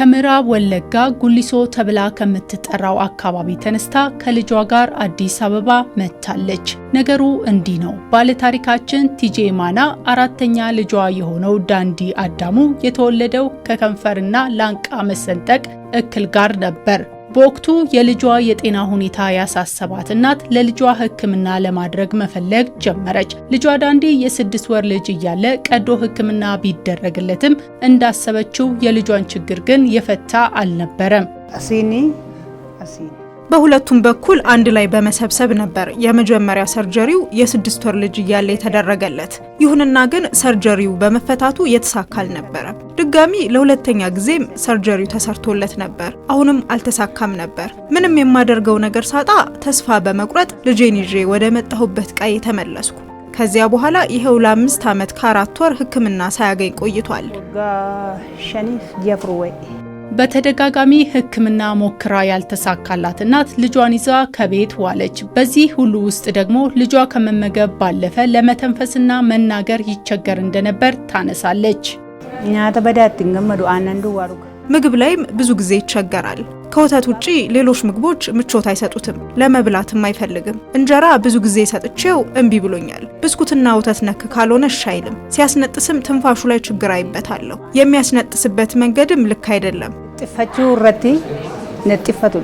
ከምዕራብ ወለጋ ጉሊሶ ተብላ ከምትጠራው አካባቢ ተነስታ ከልጇ ጋር አዲስ አበባ መጥታለች። ነገሩ እንዲህ ነው። ባለታሪካችን ቲጄ ማና አራተኛ ልጇ የሆነው ዳንዲ አዳሙ የተወለደው ከከንፈርና ላንቃ መሰንጠቅ እክል ጋር ነበር። በወቅቱ የልጇ የጤና ሁኔታ ያሳሰባት እናት ለልጇ ሕክምና ለማድረግ መፈለግ ጀመረች። ልጇ ዳንዲ የስድስት ወር ልጅ እያለ ቀዶ ሕክምና ቢደረግለትም እንዳሰበችው የልጇን ችግር ግን የፈታ አልነበረም። በሁለቱም በኩል አንድ ላይ በመሰብሰብ ነበር የመጀመሪያ ሰርጀሪው የስድስት ወር ልጅ እያለ የተደረገለት። ይሁንና ግን ሰርጀሪው በመፈታቱ የተሳካ አልነበረም። ድጋሚ ለሁለተኛ ጊዜም ሰርጀሪው ተሰርቶለት ነበር። አሁንም አልተሳካም ነበር። ምንም የማደርገው ነገር ሳጣ ተስፋ በመቁረጥ ልጄን ይዤ ወደ መጣሁበት ቀዬ የተመለስኩ። ከዚያ በኋላ ይኸው ለአምስት ዓመት ከአራት ወር ሕክምና ሳያገኝ ቆይቷል። በተደጋጋሚ ሕክምና ሞክራ ያልተሳካላት እናት ልጇን ይዛ ከቤት ዋለች። በዚህ ሁሉ ውስጥ ደግሞ ልጇ ከመመገብ ባለፈ ለመተንፈስና መናገር ይቸገር እንደነበር ታነሳለች። ምግብ ላይም ብዙ ጊዜ ይቸገራል። ከወተት ውጪ ሌሎች ምግቦች ምቾት አይሰጡትም፣ ለመብላትም አይፈልግም። እንጀራ ብዙ ጊዜ ሰጥቼው እምቢ ብሎኛል። ብስኩትና ወተት ነክ ካልሆነ እሺ አይልም። ሲያስነጥስም ትንፋሹ ላይ ችግር አይበታለሁ። የሚያስነጥስበት መንገድም ልክ አይደለም። ጥፋቹ ረቲ ነጥፋቱ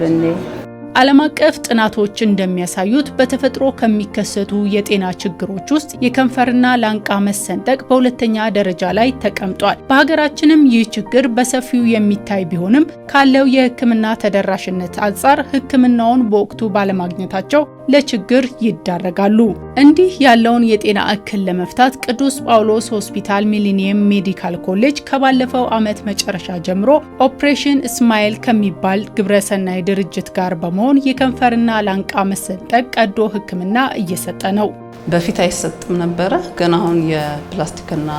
ዓለም አቀፍ ጥናቶች እንደሚያሳዩት በተፈጥሮ ከሚከሰቱ የጤና ችግሮች ውስጥ የከንፈርና ላንቃ መሰንጠቅ በሁለተኛ ደረጃ ላይ ተቀምጧል። በሀገራችንም ይህ ችግር በሰፊው የሚታይ ቢሆንም ካለው የሕክምና ተደራሽነት አንጻር ሕክምናውን በወቅቱ ባለማግኘታቸው ለችግር ይዳረጋሉ። እንዲህ ያለውን የጤና እክል ለመፍታት ቅዱስ ጳውሎስ ሆስፒታል ሚሊኒየም ሜዲካል ኮሌጅ ከባለፈው ዓመት መጨረሻ ጀምሮ ኦፕሬሽን ስማይል ከሚባል ግብረሰናይ ድርጅት ጋር በመሆን የከንፈርና ላንቃ መሰንጠቅ ቀዶ ሕክምና እየሰጠ ነው። በፊት አይሰጥም ነበረ፣ ግን አሁን የፕላስቲክና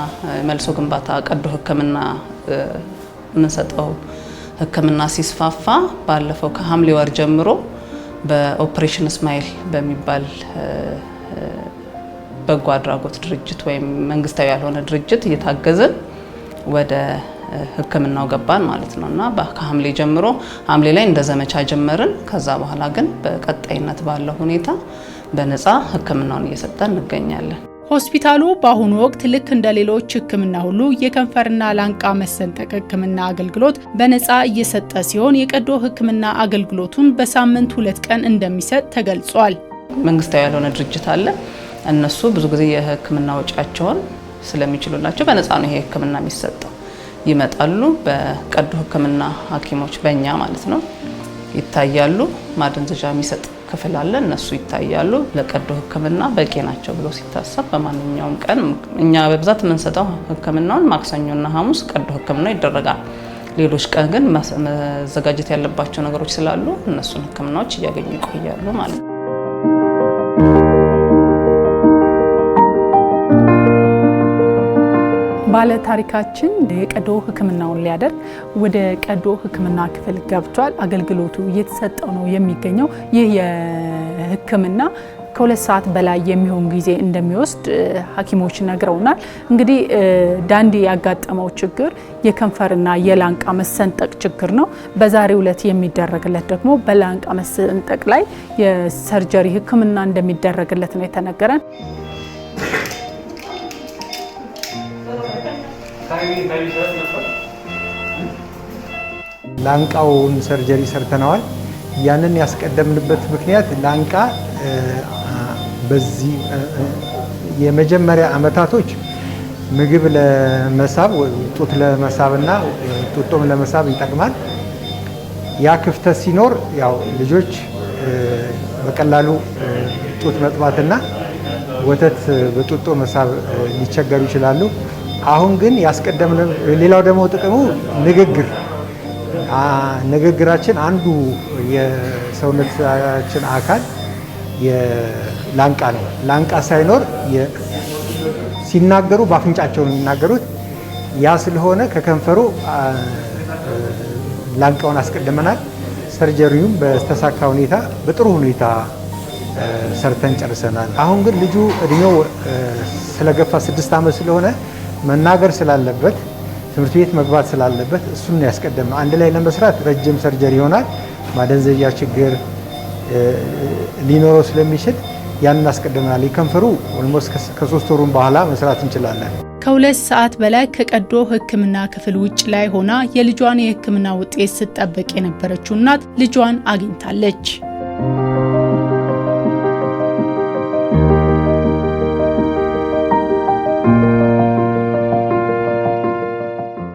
መልሶ ግንባታ ቀዶ ሕክምና የምንሰጠው ሕክምና ሲስፋፋ ባለፈው ከሐምሌ ወር ጀምሮ በኦፕሬሽን እስማኤል በሚባል በጎ አድራጎት ድርጅት ወይም መንግስታዊ ያልሆነ ድርጅት እየታገዝን ወደ ሕክምናው ገባን ማለት ነው እና ከሐምሌ ጀምሮ ሐምሌ ላይ እንደ ዘመቻ ጀመርን። ከዛ በኋላ ግን በቀጣይነት ባለው ሁኔታ በነፃ ሕክምናውን እየሰጠን እንገኛለን። ሆስፒታሉ በአሁኑ ወቅት ልክ እንደ ሌሎች ሕክምና ሁሉ የከንፈርና ላንቃ መሰንጠቅ ሕክምና አገልግሎት በነፃ እየሰጠ ሲሆን የቀዶ ሕክምና አገልግሎቱን በሳምንት ሁለት ቀን እንደሚሰጥ ተገልጿል። መንግስታዊ ያልሆነ ድርጅት አለ። እነሱ ብዙ ጊዜ የሕክምና ወጪያቸውን ስለሚችሉላቸው በነፃ ነው ይሄ ሕክምና የሚሰጠው። ይመጣሉ፣ በቀዶ ሕክምና ሐኪሞች በእኛ ማለት ነው ይታያሉ። ማደንዘዣ የሚሰጥ ክፍል አለ፣ እነሱ ይታያሉ። ለቀዶ ህክምና በቂ ናቸው ብሎ ሲታሰብ በማንኛውም ቀን እኛ በብዛት የምንሰጠው ህክምናውን ማክሰኞና ሐሙስ ቀዶ ህክምና ይደረጋል። ሌሎች ቀን ግን መዘጋጀት ያለባቸው ነገሮች ስላሉ እነሱን ህክምናዎች እያገኙ ይቆያሉ ማለት ነው። ባለ ታሪካችን የቀዶ ሕክምናውን ሊያደርግ ወደ ቀዶ ሕክምና ክፍል ገብቷል። አገልግሎቱ እየተሰጠው ነው የሚገኘው። ይህ የሕክምና ከሁለት ሰዓት በላይ የሚሆን ጊዜ እንደሚወስድ ሐኪሞች ነግረውናል። እንግዲህ ዳንዲ ያጋጠመው ችግር የከንፈርና የላንቃ መሰንጠቅ ችግር ነው። በዛሬው ዕለት የሚደረግለት ደግሞ በላንቃ መሰንጠቅ ላይ የሰርጀሪ ሕክምና እንደሚደረግለት ነው የተነገረን። ላንቃውን ሰርጀሪ ሰርተነዋል። ያንን ያስቀደምንበት ምክንያት ላንቃ በዚህ የመጀመሪያ አመታቶች ምግብ ለመሳብ ጡት ለመሳብ እና ጡጦም ለመሳብ ይጠቅማል። ያ ክፍተት ሲኖር ያው ልጆች በቀላሉ ጡት መጥባትና ወተት በጡጦ መሳብ ሊቸገሩ ይችላሉ። አሁን ግን ያስቀደምነው። ሌላው ደግሞ ጥቅሙ ንግግር ንግግራችን አንዱ የሰውነታችን አካል ላንቃ ነው። ላንቃ ሳይኖር ሲናገሩ በአፍንጫቸው ነው የሚናገሩት። ያ ስለሆነ ከከንፈሩ ላንቃውን አስቀድመናል። ሰርጀሪውም በተሳካ ሁኔታ በጥሩ ሁኔታ ሰርተን ጨርሰናል። አሁን ግን ልጁ እድሜው ስለገፋ ስድስት ዓመት ስለሆነ መናገር ስላለበት ትምህርት ቤት መግባት ስላለበት እሱን ያስቀደመ አንድ ላይ ለመስራት ረጅም ሰርጀሪ ይሆናል። ማደንዘያ ችግር ሊኖረው ስለሚችል ያንን አስቀድመናል። የከንፈሩ ኦልሞስት ከሶስት ወሩን በኋላ መስራት እንችላለን። ከሁለት ሰዓት በላይ ከቀዶ ሕክምና ክፍል ውጭ ላይ ሆና የልጇን የሕክምና ውጤት ስጠበቅ የነበረችው እናት ልጇን አግኝታለች።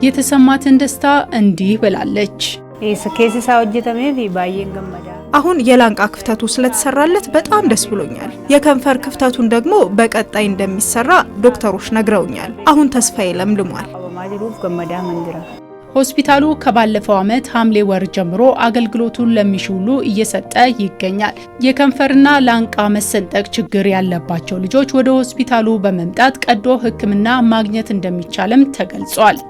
የተሰማትን ደስታ እንዲህ ብላለች። አሁን የላንቃ ክፍተቱ ስለተሰራለት በጣም ደስ ብሎኛል። የከንፈር ክፍተቱን ደግሞ በቀጣይ እንደሚሰራ ዶክተሮች ነግረውኛል። አሁን ተስፋዬ ለምልሟል። ሆስፒታሉ ከባለፈው ዓመት ሐምሌ ወር ጀምሮ አገልግሎቱን ለሚሹ ሁሉ እየሰጠ ይገኛል። የከንፈርና ላንቃ መሰንጠቅ ችግር ያለባቸው ልጆች ወደ ሆስፒታሉ በመምጣት ቀዶ ሕክምና ማግኘት እንደሚቻልም ተገልጿል።